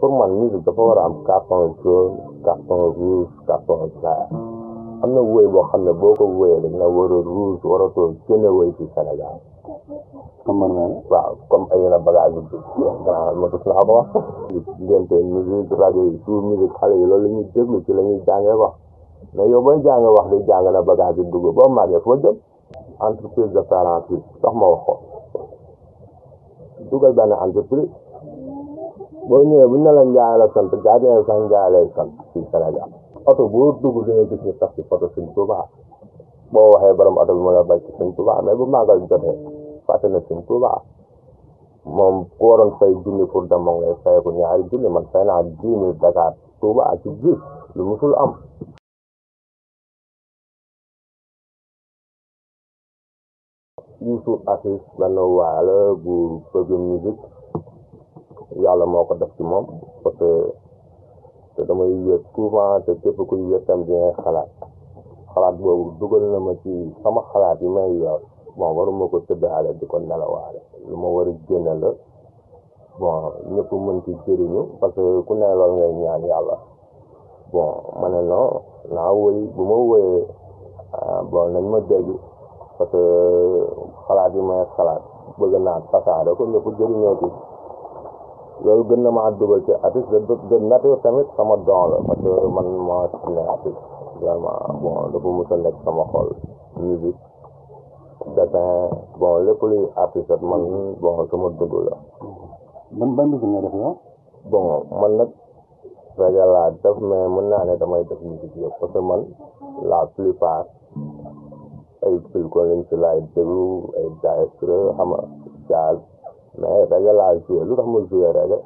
pour man musique dafa war am carton jaune carton rouge carton vert am na woy boo xam ne boo ko woyee dañ la war a rouge waratoo génne woy ci Sénégal waaw comme ay yenn bagage bi xale yi loolu la ñuy déglu ci la ñuy jàngee wax mais yow booy jàng wax di jàng na bagage bu dugg boo màggee foo jëm entreprise de parents yi sax ma wax ko dugal benn entreprise boo ñëwee bu ñu la Njaay la sant gardien sax Njaay lay sant ci Sénégal oto boo dugg da ngay gis ñu tax ci photo Sëñ boo waxee borom oto bi mu la bay ci Sëñ Tuubaa mais bu màggal jotee moom ku waroon fay junni pour dem moom ngay fay ko ñaari junni man fay naa dix mille Dakar Tuubaa ci biir lu musul am Youssouf Assis benn waala bu bëgg musique yàlla moo ko def ci moom parce que te damay yëg souvent te képp kuy yëg tam di ngay xalaat xalaat boobu dugal na ma ci sama xalaat yi may yor bon waruma ko tëddaale di ko nelawaale lu ma war a génne la bon ñëpp mën ci jëriñu parce que ku ne loolu ngay ñaan yàlla bon ma ne non naa wëy bu ma wëyee ah, bon nañ ma dégg parce que xalaat yi may xalaat bëgg naa tasaare ko ñëpp jëriñoo ci loolu gën na maa dugal ci artiste de de nature tamit sama don la parce que man maa si ne bon dafa mos a nekk sama xol musique dessin bon lépp luy artiste man bon sama dund la. ban ban musique nga def yow. bon man nag rajo laa def mais mën naa ne damay def musique yëpp parce que man la plupart ay fil ko lañ si laay ay jazz xam nga jazz mais rajo laa joué lu tax mu joué rajo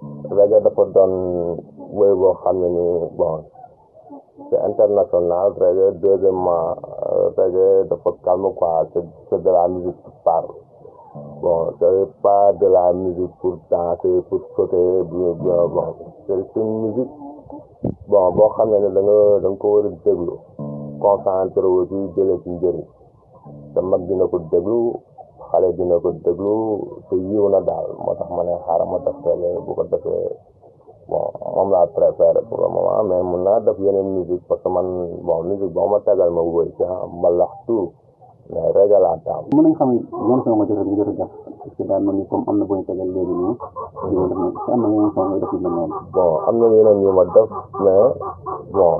hmm. rajo dafa doon wéy boo xam ne ni bon c'est international rajo deuxièmement rajo dafa calme quoi c'est de la musique qui hmm. bon c'est pas de la musique pour danser pour sauter hmm. bon c'est une bon boo xam ne ne da nga da nga ko war a déglu concentré wu ci jëlee ci njëriñ mag dina ko déglu xale dina ko déglu te yiw na daal moo tax ma ne xaaral ma def télé bu ko defee bon moom laa préféré pour le moment mais mun naa def yeneen musique parce que man bon musique boo ma tegal ma wëy ci ah, ma lax tout mais rajo laa taam. mën nañu xam yan son nga jot a jot a def parce que daal man ni comme am na boo nii ma def mais bon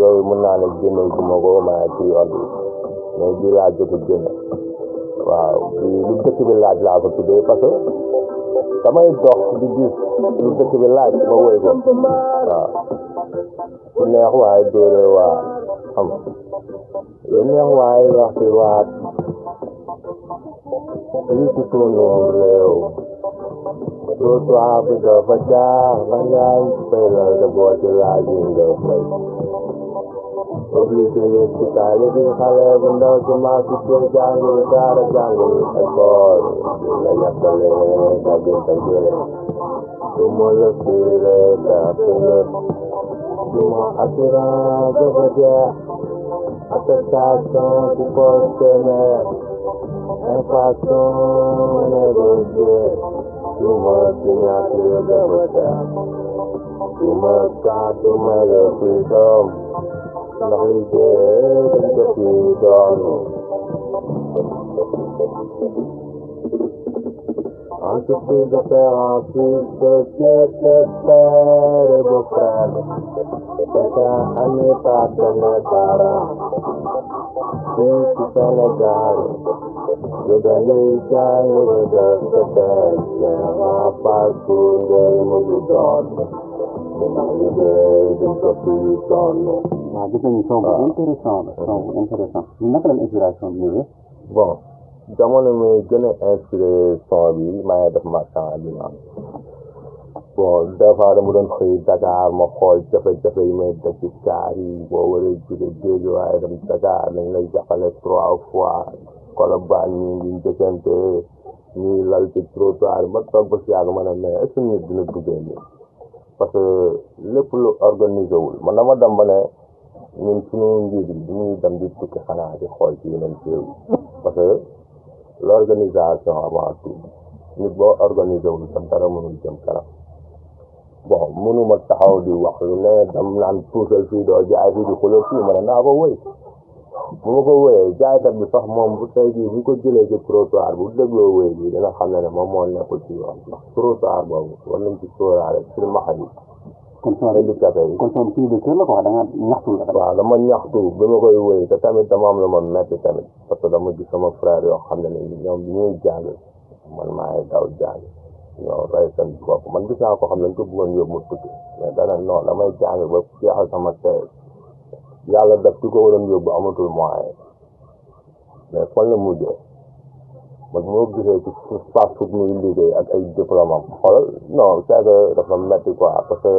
yooyu mun naa ne génne gu ma ko ma ci yoon bi mais bii laa jot a génne. waaw lu dëkk bi laaj laa ko tuddee parce que damay dox di gis lu dëkk bi laaj ma woy ko waaw ku neex waaye dóore waa xam lu neex waaye wax ci waat lii ci sunu réew trottoir bi dafa jaar ba ngay fay la nga boo ci laaj yi nga fay obligé ngeen ci taale bi xale bu ndaw ci maasu cee jàngul daara jàngul école la yàqalee dagg tagire du ma la fiire daa fine du ma assurance dafa jee attestation ci poste ne infraction négociée du ma signature dafa jee du ma carte ndax liggéey dañ ko fi doonu entreprise de terrain plus de secrétaire et beau-frère c'est un ami partenaire parent fii ci Sénégal je dañuy jàng de secrétaire ma parcours ngay mujj doon waaw gis nañu son bu intéressant la son bu intéressant naka la inspiration bi ñëwee bon jamono mi gën a inspiré son bi maa ngi def marchand ambulant bon des fois dama doon xëy Dakar ma xool jafe-jafe yi may def ci kaar yi boo waree jóge Géejawaay dem Dakar dañ lay jàppale trois fois Colobane ñu e ngi njëkkante ñuy lal ci trottoir ma toog ba si yàgg ma ne mais est-ce que nit dina duggee nii parce que lépp lu organisé wul man na ma ba ne ñun suñu njiit bi du muy dem di tukki xanaa di xool ci yeneen réew parce que l' organisation avant tout boo organisé wul tam dara mënul jëm kanam bon mënuma taxaw di wax lu ne dem naan puusal fii doo jaay fii di xuloo fii ma ne naa ko wëy bu ma ko wooyee jaaykat bi sax moom bu tey jii mu ko jëlee ci trottoir bu dégloo wooyee bi dina xam ne ne moom moo nekkul ci yoon ndax trottoir boobu war nañ ci sóoraale sur maxa yi kon soo handicapé yi kon soo de kër la quoi da nga ñaxtu la. waaw dama ñaxtu bi ma koy wéy te tamit dama am lu ma metti tamit parce que dama gis sama frère yoo xam ne ne ñoom ñuy jàng man maay daw jàng ñoo rey seen bopp man gis naa ko xam ne dañ ko bëggoon yóbbu mu tukki mais dana ba jeexal sama tey yàlla def ki ko waroon yóbbu amatul moyen mais fan la mujjee man moo gisee ci ci fast food muy liggéey ak ay diplôme am xoolal non dafa metti quoi parce que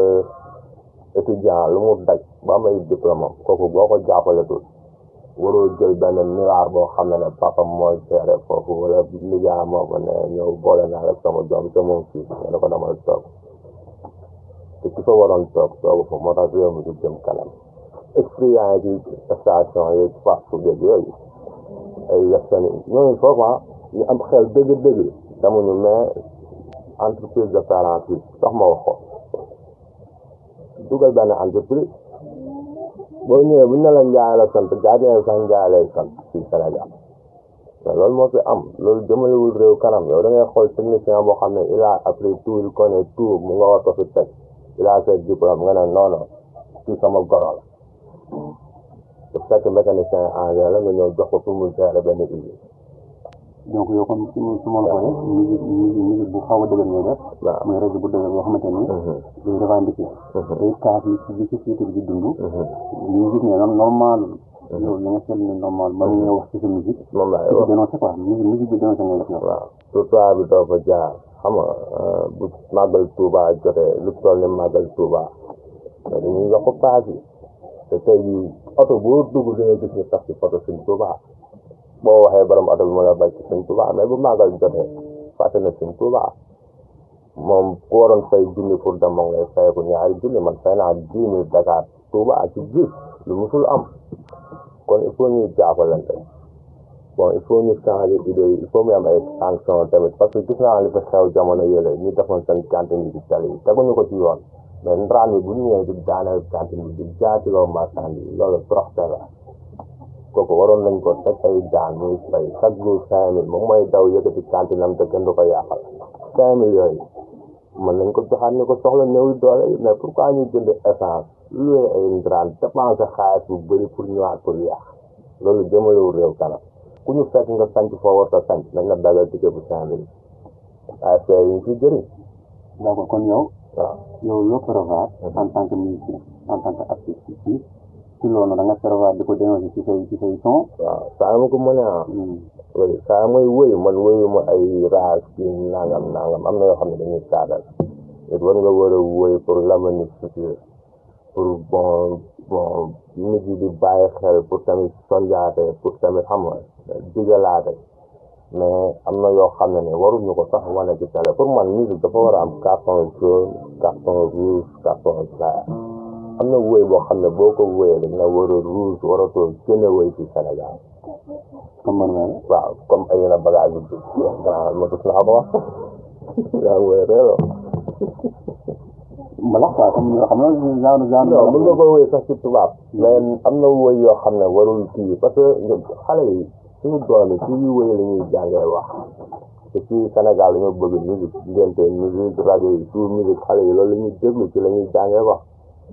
étudiant lu mu daj ba am ay diplôme am kooku boo ko jàppaletul waroo jël benn milliard boo xam ne ne papa mooy seere foofu wala liggéeyam moo ko ne ñëw boole naa rek sama doom sama fii ne ko dama toog ki fa waroon toog toogu fa moo tax réew mi du jëm kanam experience yi station yooyu partout dégg ay western ñooñu foofu ñu am xel dëgg-dëgg damuñu mais entreprise de parents yi sax ma wax ko dugal benn entreprise boo ñëwee bu ñu la Ndiaye la sant gardien sax Ndiaye lay sant ci Sénégal mais loolu moo fi am loolu jëmalewul réew kanam yow da xool technicien boo xam ne il a appris tout il connaît tout mu nga war ko fi teg il nga ne non non sama goro la fekk mécanicien engrais la nga ñëw jox ko pour mu gérer benn usine. donc yow kon su ma su ma la waxee. musique bu xaw a dëgër ngay def. waaw muy rajo bu xamante ni. Mhm. day revendiquer. Mhm. day kaas dund. Mhm. li ñu gis ne noonu normal. yow li nga ne wax ci sa musique. moom laay wax dénoncé quoi musique musique bi dénoncé ngay def yow. waaw surtout bi doo fa jaar xam nga euh, bu màggal Touba jotee lu toll ne màggal Touba dañuy yokk paas yi te tey jii oto boo dugg da ngay gis ñu tax ci photo sëñ Tuubaa boo waxee borom oto bi mën a bàyyi ci sëñ Tuubaa mais bu màggal jotee fàtte na sëñ Tuubaa moom ku waroon fay junni pour dem moom ngay fay ko ñaari junni man fay naa dix mille Dakar Tuubaa ci biir lu musul am kon il faut ñuy jàppalante bon il faut ñu changer idée yi il faut mu am ay sanctions tamit parce que gis naa li fa xew jamono yële ñu defoon seen cantine yi di tali teguñu ko ci yoon. என்றால் bu ñëwee di daaneel cantine bi di jaatiloo marchandise loolu proxte la waroon nañ ko teg ay daan muy fay chaque jour cinq moom mooy daw yëkkati cantine am te kenn du ko yàqal cinq yooyu mën nañ ko joxaat ne ko soxla néew doole yi mais pourquoi ñu jënd essence loué ay ndaraan dépensé xaalis bu bëri pour ñëwaat pour yàq loolu jëmalewul réew kanam ku ñu fekk nga sanc foo war sa sanc nañ la dalal ticket bu cinq waaye fee yi ñu ciy jëriñ d'accord kon yow waaw yow loo ko revoir en tant que ko revoir di ko dénoncé ci ma ko a. Hmm. oui saa mooy wëy man wëyu ma ay raas kii nangam nangam am na yoo xam ne dañuy saadal it war nga war a pour l'avenir futur pour bon nit di bàyyi xel pour tamit sonjaate pour tamit xam nga digalaate mais am na yoo xam ne ne waruñu ko sax wane ci télé pour man musique dafa war a am carton jaune carton rouge carton vert am na woy boo xam ne boo ko woyee dañ la war a rouge waratoo gën a woy ci Sénégal xam nga waaw comme ay na bagage bi waaw ma gis naa ko wax yaa woy reeloo mbalax quoi comme xam nga genre genre. mën nga ko woy sax ci tubaab mais am na woy yoo xam ne warul kii parce que xale yi suñu doole suñu wéy la ñuy jàngee wax te fii Sénégal dañoo bëgg musique diggante musique rajo yi suuf xale yi loolu la ñuy déglu ci lañuy ñuy jàngee wax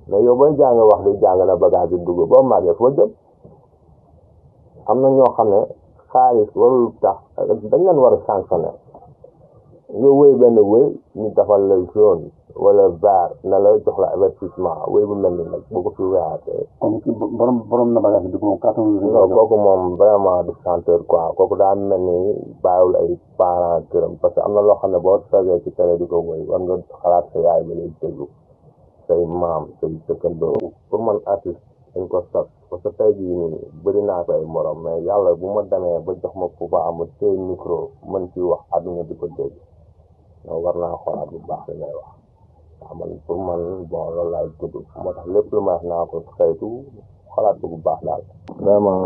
mais yow booy jàngee wax di jàng na bagage yi dugg boo màggee foo jëm am na ñoo xam ne xaalis warul tax dañ leen war a sanctionner nga wéy benn wéy ñu defal la zone wala vaar na la jox la avertissement wéy bu mel ni nag boo ko fi wéyaatee. comme ki borom moom quatre non kooku moom vraiment du quoi kooku daa mel ni bàyyiwul ay parents këram parce que am na loo xam ne boo toogee ci di ko wéy war nga xalaat sa yaay ba lay déglu say maam say dëkkandoo. pour man artiste dañ ko parce que tey jii nii bëri naa ko morom mais yàlla bu ma demee ba jox ma pouvoir ma téye micro mën ci wax àdduna di ko dégg. donc war naa xoolaat baax li may wax waaw man pour man bon loolu laay tudd moo tax lépp lu ma wax naa ko saytu xalaat ko bu baax daal. vraiment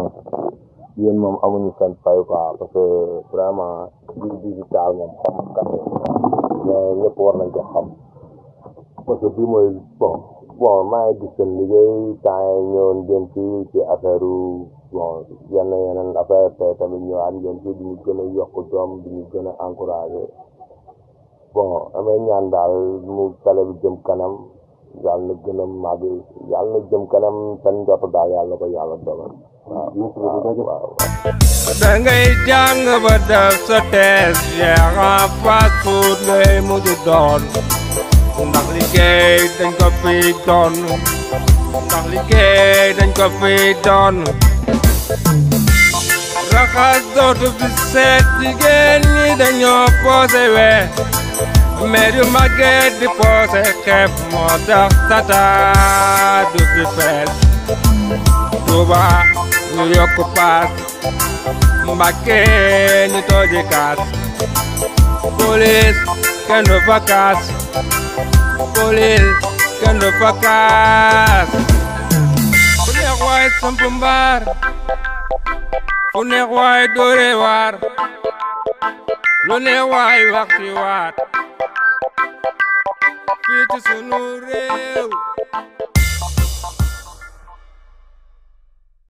yéen moom amuñu seen fay quoi parce que vraiment biir digital moom xam nga mais ñëpp war nañ ko xam parce que bii mooy bon bon maa ngi gis seen liggéey temps yi ñëwoon ngeen ci ci affaire bon yenn yeneen affaire tey tamit ñëwaat ngeen ci di ñu gën a yokk jom di ñu gën a encouragé. bon amee ñaan daal mu tale bi jëm kanam yàlla na gën a màgg na jëm kanam seen njort daal yàlla ko yàlla dogal waaw waaw da ngay jàng ba def sa tees yeexa fast food ngay mujj doon ndax liggéey dañ ko fi ko fi doon raxas dootu fi seet jigéen ñi dañoo posé wee mais yu màgget di poose xeeb moo tax tata du fi fees Tuuba ñu yokk paas Mbàkke ñu tooji kaas kenn du fa kaas kenn du fa kaas fu neex waay samp mbaar fu neex waay dóore waar lu ci sunu réew